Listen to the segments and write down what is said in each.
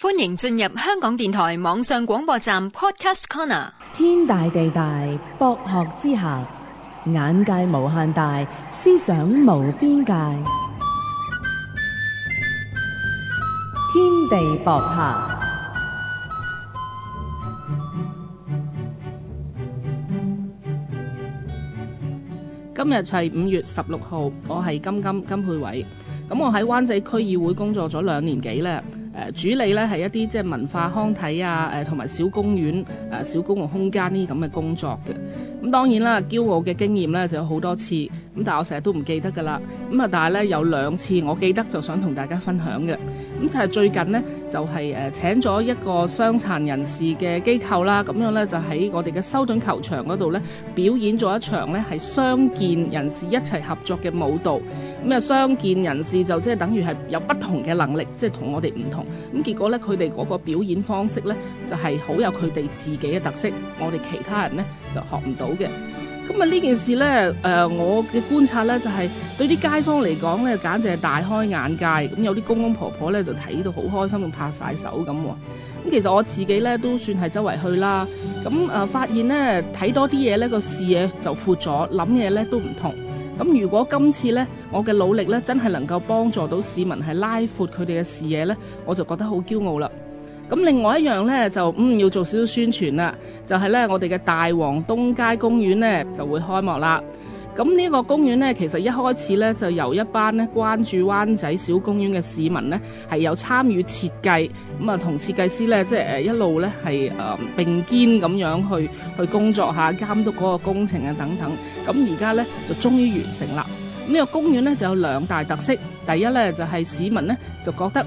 歡迎進入香港電台網上廣播站 Podcast Corner。天大地大，博學之下，眼界無限大，思想無邊界。天地博客。今日係五月十六號，我係金金金佩瑋，咁我喺灣仔區議會工作咗兩年幾啦。誒主理咧係一啲即係文化康體啊，誒同埋小公園、誒小公共空間呢啲咁嘅工作嘅。咁當然啦，驕傲嘅經驗咧就有好多次。咁但係我成日都唔記得噶啦，咁啊但係咧有兩次我記得就想同大家分享嘅，咁就係最近咧就係誒請咗一個傷殘人士嘅機構啦，咁樣咧就喺我哋嘅修頓球場嗰度咧表演咗一場咧係傷健人士一齊合作嘅舞蹈，咁啊傷健人士就即係等於係有不同嘅能力，即係同我哋唔同，咁結果咧佢哋嗰個表演方式咧就係好有佢哋自己嘅特色，我哋其他人咧就學唔到嘅。咁啊呢件事呢，誒、呃、我嘅觀察呢，就係、是、對啲街坊嚟講呢，簡直係大開眼界。咁、嗯、有啲公公婆，婆婆呢，就睇到好開心，同拍晒手咁喎。咁、嗯、其實我自己呢，都算係周圍去啦。咁、嗯、啊、呃、發現呢，睇多啲嘢呢個視野就闊咗，諗嘢呢都唔同。咁、嗯、如果今次呢，我嘅努力呢，真係能夠幫助到市民係拉闊佢哋嘅視野呢，我就覺得好驕傲啦。咁另外一樣呢，就嗯要做少少宣傳啦，就係呢，我哋嘅大王東街公園呢就會開幕啦。咁呢個公園呢，其實一開始呢，就由一班呢關注灣仔小公園嘅市民呢，係有參與設計，咁啊同設計師呢，即係一路呢，係誒並肩咁樣去去工作下監督嗰個工程啊等等。咁而家呢，就終於完成啦。呢個公園呢，就有兩大特色，第一呢，就係市民呢，就覺得。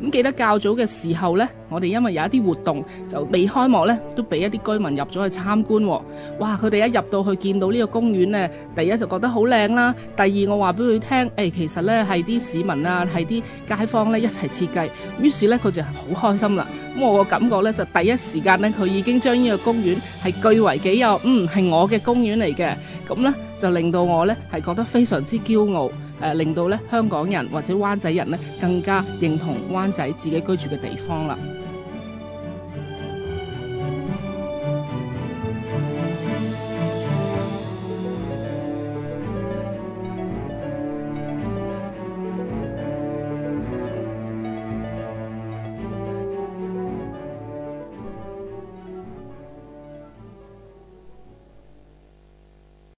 咁記得較早嘅時候咧，我哋因為有一啲活動就未開幕咧，都俾一啲居民入咗去參觀喎。哇！佢哋一入到去見到呢個公園咧，第一就覺得好靚啦。第二我話俾佢聽，誒其實咧係啲市民啊，係啲街坊咧一齊設計。於是咧佢就係好開心啦。咁我個感覺咧就第一時間咧，佢已經將呢個公園係據為己有，嗯係我嘅公園嚟嘅。咁咧就令到我咧係覺得非常之驕傲。誒令到咧香港人或者灣仔人咧更加認同灣仔自己居住嘅地方啦。